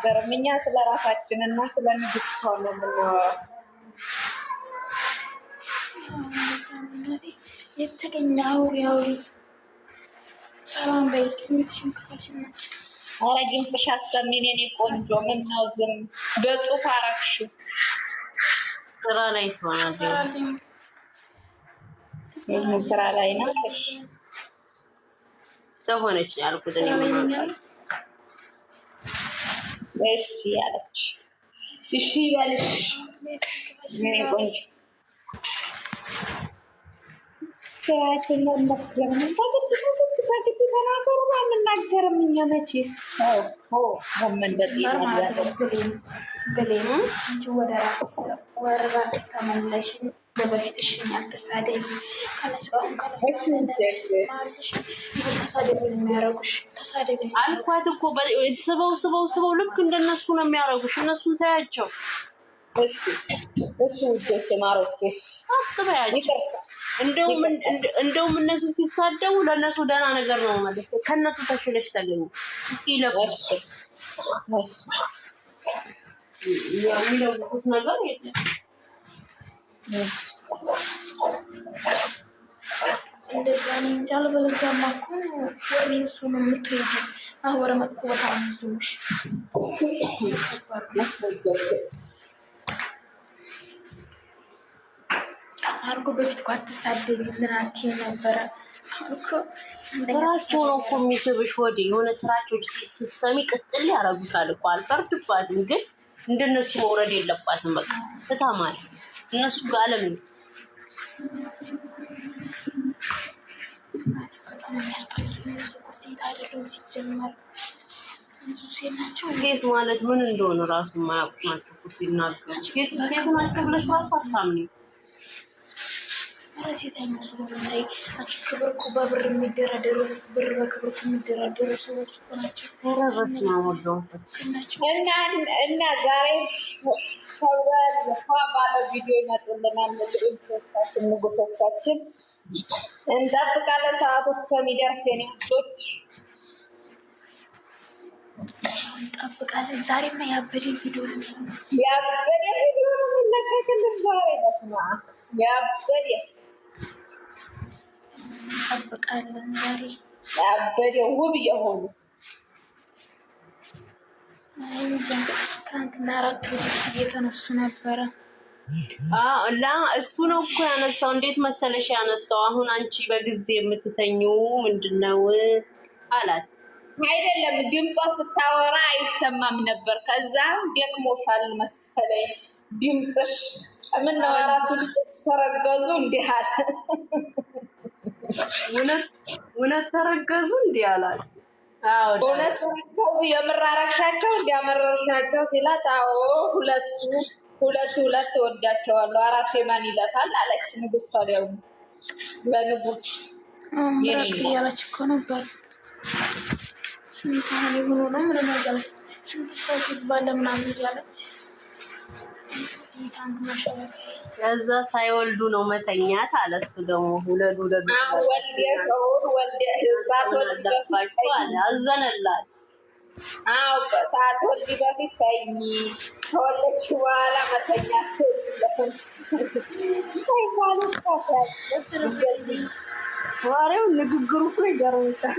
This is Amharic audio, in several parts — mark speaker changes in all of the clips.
Speaker 1: አልነበረም። እኛ ስለ ራሳችን እና ስለ ንግስቷ ነው የምናወራው።
Speaker 2: የተገኘ አውሪ አውሪ። ሰላም በይ።
Speaker 1: ኧረ ድምፅሽ አሰሚን የኔ ቆንጆ። ምን ነው ዝም በጽሁፍ አረግሽው?
Speaker 3: ስራ ላይ ትሆናለች።
Speaker 1: ስራ ላይ ነው
Speaker 3: ተሆነች ያልኩት እኔ እሺ አለች። እሺ ይበልሽ
Speaker 1: ቆንጆ ተናገሩ አንናገርም። እኛ መቼ በበፊት እሺ አልተሳደኝ ከነጽሁን ከነጽሁን የሚያረጉሽ ተሳደቢ አልኳት እኮ ስበው ስበው ስበው ልክ እንደነሱ ነው የሚያረጉሽ። እነሱን ታያቸው። እሺ ውዶች ማሮኬሽ አጥበያቸው። እንደውም እነሱ ሲሳደቡ ለእነሱ ደህና ነገር ነው ማለት ከእነሱ ተሽለሽ ተገኙ። እስኪ ይለቁሽ የሚለቁት ነገር የለም። እንደዛ ነው እንጂ አለበለዚያማ እኮ ወሬ እሱ ነው የምትሄጂው። አወረ መጥፎ ቦታ ብዙዎች አርጎ በፊት እኮ አትሳደቢ ምን ነበረ ስራቸው ነው እኮ የሚስብሽ። ወደ የሆነ ስራቸው ስትሰሚ ቅጥል ያረጉታል እኮ አልፈርድባትም፣ ግን እንደነሱ መውረድ የለባትም። በቃ ትታማል እነሱ ጋር አለም ሲጀመር ሴት ማለት ምን እንደሆነ ራሱ የማያውቁ ናቸው ሲናገሩ። ሴት ሴት ናቸው ብለሽ ማለት አታምኒ። ሴት አይመስሉም። ላይ አንቺ ክብር እኮ በብር የሚደራደሩ ብር በክብር የሚደራደሩ ሰዎች እኮ ናቸው። ኧረ በስመ አብ ወልድ ወመንፈስ እና እና ዛሬ ባለ ቪዲዮ ይመጡልናል ንጉሶቻችን። እንጠብቃለን ሰዓቱ እስከሚደርስ የኔ እንጠብቃለን። ዛሬማ ያበደ ቪዲዮ ያበደ ቪዲዮ የሚለቀቅልን ዛሬ መስማ ያበደ እንጠብቃለን። ዛሬ ያበደ ውብ የሆኑ ትናንትና አራት ወዶች እየተነሱ ነበረ ላ እሱ ነው እኮ ያነሳው። እንዴት መሰለሽ ያነሳው አሁን አንቺ በጊዜ የምትተኙ ምንድን ነው አላት አይደለም ድምጿ ስታወራ አይሰማም ነበር። ከዛም ደክሞሻል መሰለኝ ድምፅሽ። ምነው አራቱ ልጆች ተረገዙ እንዲህ አለ። እውነት ተረገዙ እንዲህ አላል። እውነት ተረገዙ የምራረግሻቸው እንዲያመረርሻቸው ሲላት፣ አዎ ሁለቱ ሁለቱ ሁለት ወዳቸዋለሁ አራት የማን ይለታል አለች ንጉስ ደግሞ በንጉስ ያለች እኮ ነበር ስንት ያህል የሆኑ ነው ምን ነገር ስንት ሰው ህዝብ ምናምን እያለች ከዛ ሳይወልዱ ነው መተኛት አለ። እሱ ደግሞ ውለዱ ውለዱ ወልደባቸው አዘነላት። አዎ ሳትወልጂ በፊት ተኝ፣ ከወለድሽ በኋላ መተኛት ዋሬው ንግግሩ እኮ ይገርምታል።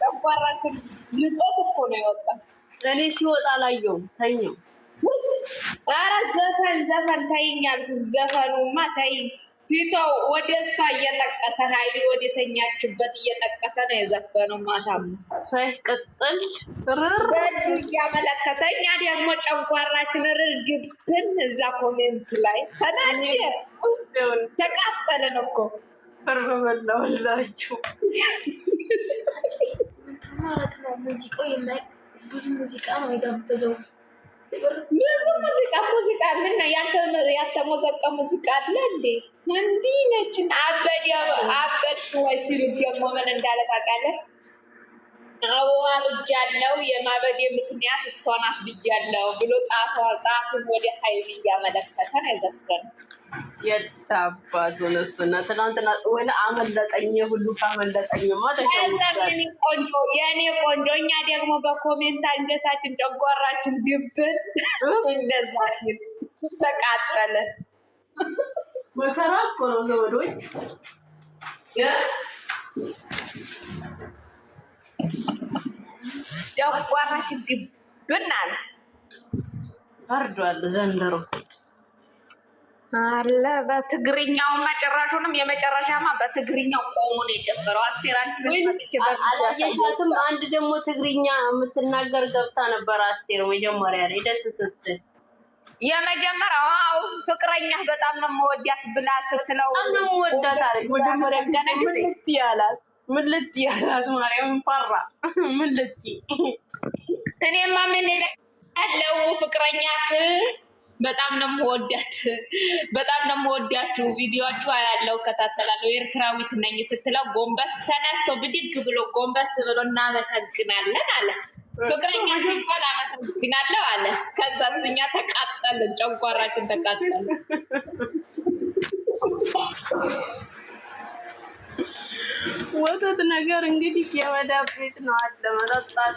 Speaker 1: ጨጓራችን ልጦት እኮ ነው የወጣው። እኔ ሲወጣ ላየው ተኛው። ኧረ ዘፈን ዘፈን ተይኝ አልኩት። ዘፈኑማ ተይኝ ፊቷ ወደ እሷ እየጠቀሰ ሀይሌ ወደተኛችበት እየጠቀሰ ነው የዘፈነው። ማታ ሳይቀጥል በዱ እያመለከተኝ ደግሞ ጨንኳራችን ርግብትን እዛ ኮሜንት ላይ ተናደ ተቃጠለን እኮ በርበበላውላችሁ ማለት ነው። ሙዚቃው ብዙ ሙዚቃ ነው የጋበዘው ብዙ ሙዚቃ ሙዚቃ ምን ያልተሞዘቀ ሙዚቃ አለ እንዴ? እንዲህ ነችን አበድ አበድ ወይ ሲሉ ደግሞ ምን እንዳለ ታውቃለህ? አበባ ብጃለው የማበዴ ምክንያት እሷ ናት ብያለው ብሎ ጣቷ ጣቱን ወደ ሀይል እያመለከተን አይዘፍቀን የታባቱ ነሱና ትናንትና ወይ አመለጠኝ ሁሉ ካመለጠኝ ቆንጆ የእኔ ቆንጆ፣ እኛ ደግሞ በኮሜንት አንገታችን ጨጓራችን ግብን እንደዛ ሲል ተቃጠለ። መከራ እኮ ነው ዘመዶች። ጨጓራችን አለ። አርዷል ዘንድሮ አለ በትግርኛው መጨረሻውንም የመጨረሻማ በትግርኛው ቆሙን የጨበረው አስቴር አላየሻትም? አንድ ደግሞ ትግርኛ የምትናገር ገብታ ነበር አስቴር መጀመሪያ ላይ ደስ ስትል የመጀመሪያው ፍቅረኛ በጣም ነው መወዳት ብላ ስትለው ነው መወዳት አለች። መጀመሪያ ምን ልትይ አላት፣ ምን ልትይ አላት። ማርያም ፈራ። ምን ልትይ እኔማ ምን ያለው ፍቅረኛክ በጣም ነው የምወዳት፣ በጣም ነው የምወዳችሁ። ቪዲዮቹ ያለው እከታተላለሁ። ኤርትራዊት ነኝ ስትለው ጎንበስ ተነስቶ ብድግ ብሎ ጎንበስ ብሎ እናመሰግናለን አለ። ፍቅረኛ ሲባል አመሰግናለሁ አለ። ከዛ እኛ ተቃጠልን፣ ጨጓራችን ተቃጠልን። ወተት ነገር እንግዲህ የወዳብ ቤት ነው አለ መጠጣት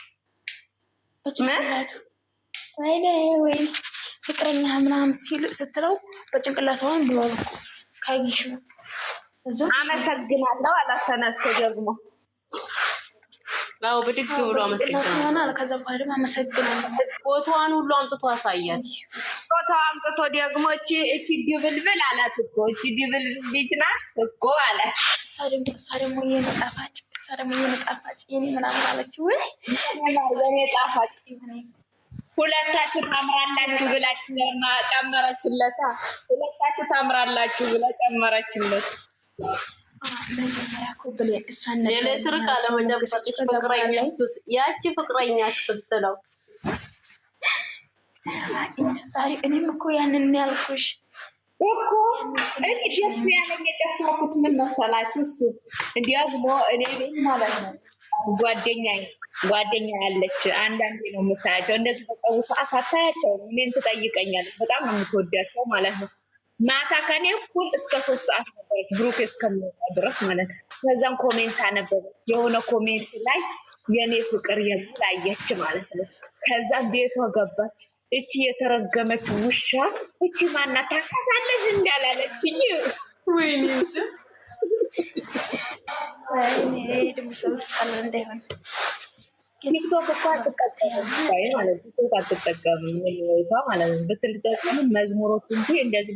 Speaker 1: በጭንቅላቱ ወይኔ ወይ ፍቅረኛ ምናምን ስትለው በጭንቅላቷን ብሏል እኮ አመሰግናለሁ አላት። ተነስቶ ደግሞ ያው ብድግ ብሎ አመሰግናለሁ። ከዛ በኋላ ደግሞ አመሰግናለሁ ፎቶዋን ሁሉ አምጥቶ አሳያት። ፎቶ አምጥቶ ደግሞ እቺ እቺ ድብልብል አላት እኮ እቺ ድብልብል ልጅ ናት እኮ አላት። ደግሞ ደግሞ አልከሰርም የኔ ጣፋጭ የኔ ምናምን አለች። ወይ ጣፋጭ ሁለታችሁ ታምራላችሁ ብላ ጨመረችለታ። ሁለታችሁ ታምራላችሁ ብላ ጨመረችለት። መጀመሪያ እኮ ኤሌክትሪክ አለመጨበጥ ያቺ ፍቅረኛ ስትለው እኔም እኮ ያንን ያልኩሽ እኮ እኔ ደስ ያለኝ የጨፈርኩት ምን መሰላችሁ? እሱ እንዲያግሞ እኔ ቤት ማለት ነው ጓደኛ ጓደኛ ያለች አንዳንዴ ነው የምታያቸው። እንደዚህ በፀቡ ሰዓት አታያቸውም። እኔን ትጠይቀኛለች። በጣም ነው የምትወዳቸው ማለት ነው። ማታ ከኔ እኩል እስከ ሶስት ሰዓት ነበረች ብሩክ እስከሚወጣ ድረስ ማለት ነው። ከዛም ኮሜንት አነበበች። የሆነ ኮሜንት ላይ የእኔ ፍቅር የሚል አየች ማለት ነው። ከዛም ቤቷ ገባች። እቺ የተረገመች ውሻ እቺ ማና ታካታለች እንዳላለችኝ ወይኔ ቲክቶክ እኮ አትጠቀምም ማለት ነው። ብትጠቀምም መዝሙሮች እንጂ እንደዚህ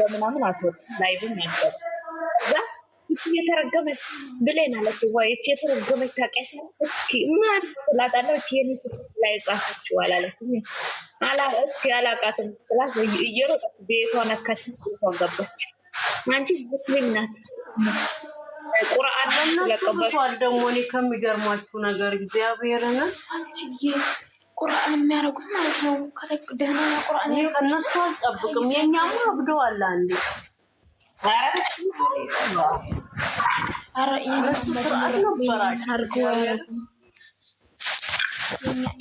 Speaker 1: በምናምን አትወጣም። ላይቭም ነበር የተረገመች ብሌን አለች ወይች የተረገመች ታውቂያት እስኪ ማን ስላጣለው ይህን ፍትት ላይ ጻፈችዋል አለች። እስኪ አላቃትም ስላት እየሮጠች ቤቷ ነካች፣ ቤቷ ገባች። አንቺ ሙስሊም ናት ቁርአን ለቀበቷል። ደግሞ እኔ ከሚገርማችሁ ነገር እግዚአብሔርን ቁርአን የሚያደርጉት ማለት ነው። ከደህና ቁርአን እነሱ አልጠብቅም። የኛማ አብደዋል አንዴ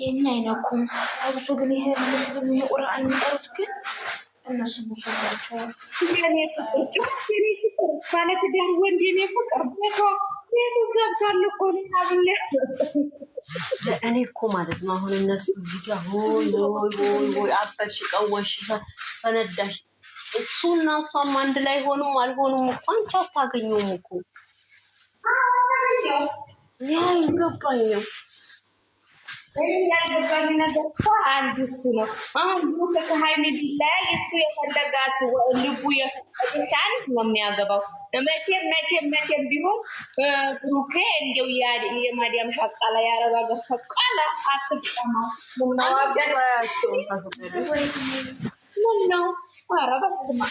Speaker 1: የምን አይነኩም አብሶ ግን ይሄ ምስልም ይሄ ቁርአን የሚቀሩት ግን እነሱ ብሶላቸዋል። ባለትዳር ወንድ የኔ ፍቅር ቤቷ ቤቱ ገብቷል እኮ ሌላ ብለ እኔ እኮ ማለት ነው አሁን እነሱ እዚህ ጋ ሆይ ሆይ ሆይ አበልሽ፣ ቀወሽ፣ ፈነዳሽ እሱና እሷም አንድ ላይ ሆኑም አልሆኑም እኮ አንቺ አታገኙም እኮ ያ ይገባኛል። ያልገባኝ ነገር እኮ አንዱ እሱ ነው። አንዱ ከሀይሚ ቢለያይ እሱ የፈለጋት ልቡ የፈለገች ነው የሚያገባው። መቼም መቼም መቼም ቢሆን ብሩኬ እንደው የማዲያም ሻቃላ የአረብ ሀገር ሻቃላ አትጠማ ምን ነው? ኧረ በስመ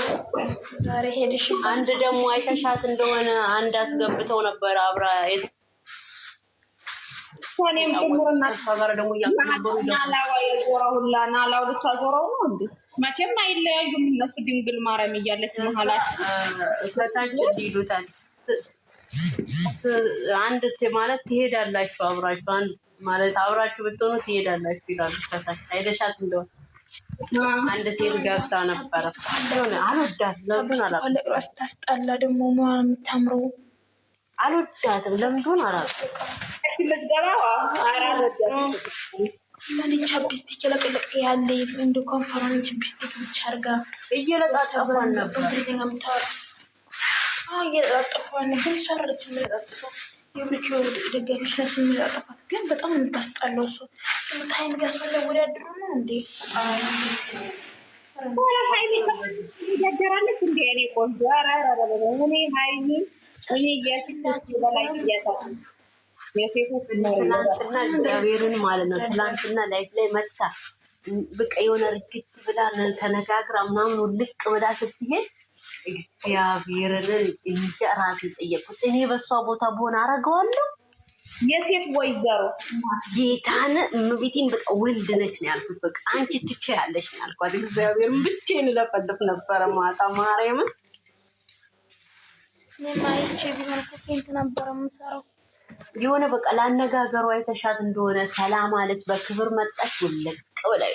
Speaker 1: አብ ዛሬ ሄድሽ። አንድ ደግሞ አይተሻት እንደሆነ አንድ አስገብተው ነበር አብራ እኔም ጭምርና ሀገር ደግሞ ዞረው ሁላ ናላው ልሳ ዞረው ነው እንዴ? መቼም አይለያዩም እነሱ። ድንግል ማርያም እያለች መሀላቸው ከታች ይሉታል። አንድ ማለት ትሄዳላችሁ አብራችሁ አንድ ማለት አብራችሁ ብትሆኑ ትሄዳላችሁ ይላሉ። ከሳች አይደሻት እንደሆነ አንድ ሴት ገብታ ነበረ ሆነ አልወዳት ለምን አላ ለቅራስ ታስጣላ ደግሞ መሆን የምታምረው አልወዳትም ለምንሆን አላ ምን ቻፕስቲክ ያለ እንደ ኮንፈረንስ ቢስቲክ ብቻ አርጋ እየለጣጠፏን ነበር። እንግሊዝኛ የምታወራ እየለጣጠፏን ግን ሰረች የሚለጣጠፏ የብሪክ ደጋፊች ነስ የሚለጣጠፏ ግን በጣም የምታስጠላው እሱ ምታይም ያስፈለ ወዳድሩ ነው እንዴ? ሀይሚያደራለች እንዲ እኔ ቆንጆ እኔ ሀይሚ እኔ የሴቶች በላይ እያታ የሴቶች ትናንትና እግዚአብሔርን ማለት ነው። ትናንትና ላይፍ ላይ መታ ብቀ የሆነ ርግት ብላ ተነጋግራ ምናምን ልቅ ብላ ስትሄድ እግዚአብሔርን እንደ ራሴ ጠየቁት። እኔ በእሷ ቦታ በሆን አረገዋለሁ የሴት ወይዘሮ ጌታን እመቤቴን በቃ ወልድ ነች ነው ያልኩት። በቃ አንቺ ትችያለሽ ነው ያልኳት። እግዚአብሔር ብቻዬን ለፈልፍ ነበረ ማታ ማርያምን ማይቼ ቢሆን ሴንት ነበረ የምሰራው የሆነ በቃ ለአነጋገሯ የተሻት እንደሆነ ሰላም አለች፣ በክብር መጣች። ውልቅ ብላይ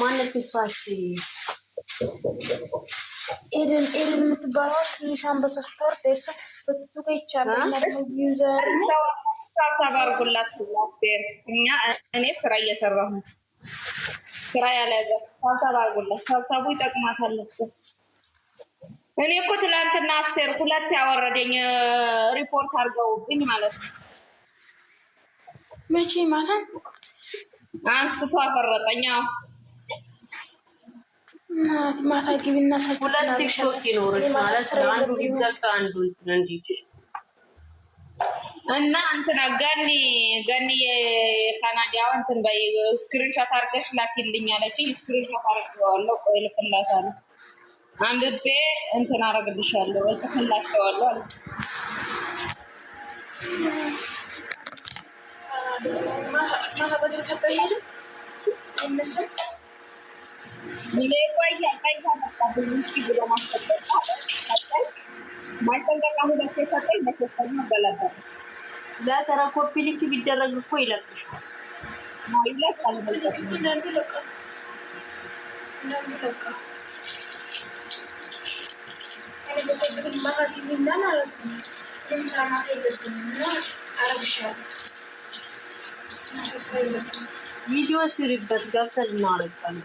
Speaker 1: ማነት ቢሷች ኤደን ኤደን የምትባለው ትንሽ አንበሳ ስታወር ደርሰ በትቱጋ ይቻላል እኔ ስራ እየሰራሁ ስራ ይጠቅማታል። እኔ እኮ ትላንትና አስቴር ሁለት ያወረደኝ ሪፖርት አድርገውብኝ ማለት ነው። መቼ ማታ አንስቶ አፈረጠኛው ማታ ግቢና ሁለት ቲክቶክ ይኖርሽ ማለት ነው። አንዱ ቢዘጋ አንዱ እንዲህ እና እንትና ገኒ ገኒ የካናዳዋ እንትን በይ ስክሪንሾት አድርገሽ ላኪልኝ አለችኝ። ስክሪንሾት አድርጌዋለሁ። ቆይ ልክላታለሁ። አንብቤ እንትን አደርግልሻለሁ፣ እጽፍላቸዋለሁ አለ። ማታ በዚህ ይመስል ማስጠንቀቂያ ሁለት የሰጠኝ በሶስተኛ ገለበጠ። ለተራ ኮፒ ሊንክ ቢደረግ እኮ ይለቅሻል። ይለቃል ቪዲዮ ስሪበት ገብተን እናረጋለን።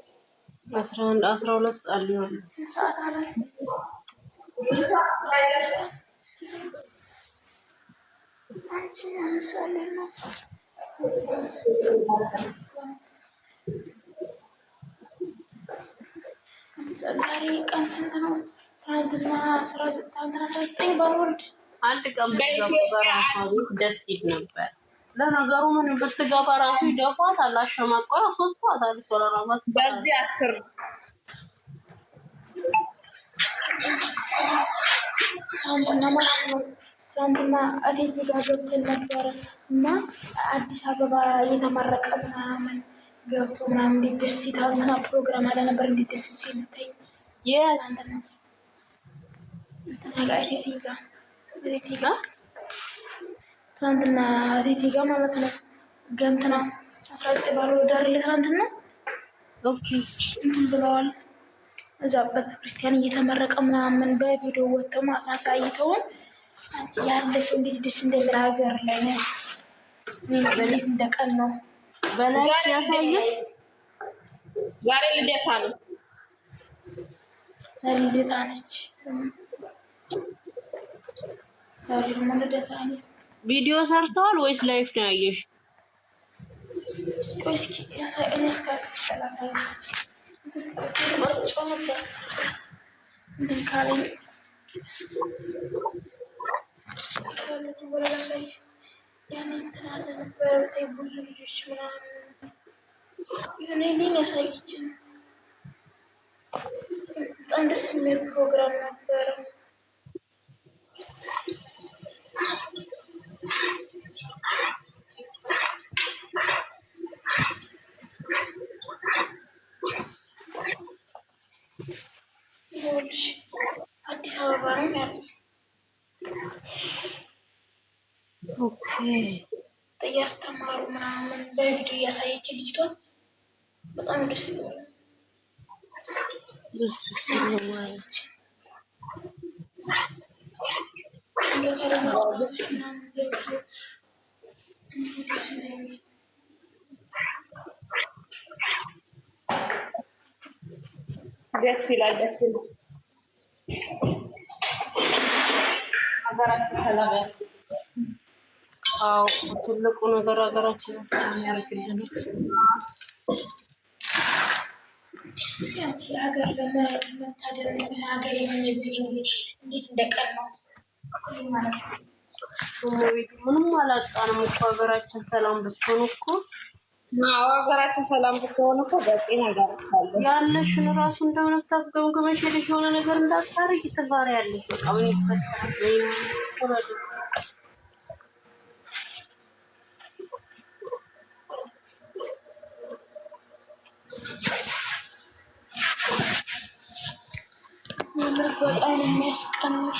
Speaker 1: አስራ አንድ አስራ ሁለት ሰዓት ሊሆን ዛሬ ቀን ስንት ነው? ትናንትና አስራ ዘጠኝ ባልወርድ አንድ ቀን ደስ ይል ነበር። ለነገሩ ምን ብትገባ ራሱ ይደፏታል፣ አሸማቀው ያስወጥቷታል። ተራራማት በዚህ አስር ትናንትና እቴቴ ጋር ገብተን ነበረ እና አዲስ አበባ የተመረቀ ምናምን ገብቶ ምናምን እንዴት ደስ ይታልና ፕሮግራም አለ ነበር። እንዴት ደስ ሲል ታይ የት ጋር እቴቴ ጋር እቴቴ ጋር ትናንትና እቴቴ ጋር ማለት ነው ገንትና አስራ ባለ ወዳር ትናንትና እንትን ብለዋል። እዛ ቤተክርስቲያን እየተመረቀ ምናምን በቪዲዮ ወጥተው ማሳይተውን ያለ ሰው እንዴት ደስ እንደሚል ሀገር ላይ ነው። እንደቀን ነው። ዛሬ ልደታ ነው። ልደታ ነች። ዛሬ ልደታ ነች። ቪዲዮ ሰርተዋል ወይስ ላይፍ ነው ያየሽ? ልጆች ምናምን ያሳየችን በጣም ደስ የሚል ፕሮግራም ነበረ። አዲስ አበባ ነው ያለች። እያስተማሩ ምናምን በቪዲዮ እያሳየች ልጅቷ በጣም ደስ ደስ ደስ ይላል። ደስ ይላል። ሀገራችን ሰላም ያለ ትልቁ ነገር ሀገራችን ያርግልን። ሀገር ለመታደር ሀገር የሆነ ጊዜ እንዴት እንደቀናው ምንም አላጣንም እኮ ሀገራችን ሰላም ብትሆን እኮ ሀገራችን ሰላም ብትሆን እኮ በጤና ጋር ያለሽን ራሱ እንደሆነ ታገምገመሽ ሄደሽ የሆነ ነገር እንዳታረጊ ትፈሪያለሽ። በቃ ምን ይፈታል? በጣም የሚያስቀንሽ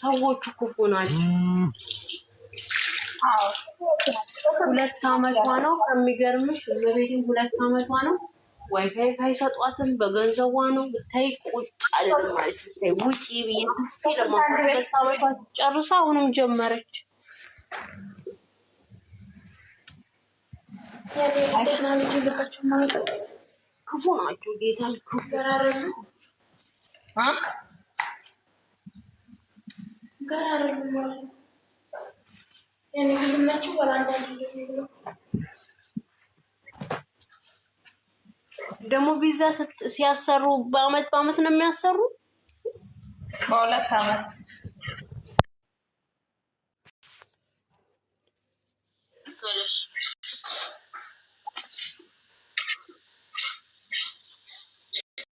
Speaker 1: ሰዎቹ ክፉ ናቸው። ሁለት አመቷ ነው ከሚገርምሽ፣ እመቤቴን ሁለት አመቷ ነው። ዋይፋይ አይሰጧትም። በገንዘቧ ነው ብታይ ቁጭ አይደለም ውጪ ብዬ ጨርሳ አሁንም ጀመረች። ክፉ ናቸው። ጌታ ክፉ ጋር ማለት ነው። ያኔ ደግሞ ቪዛ ሲያሰሩ በአመት በአመት ነው የሚያሰሩ። በሁለት አመት ገለሽ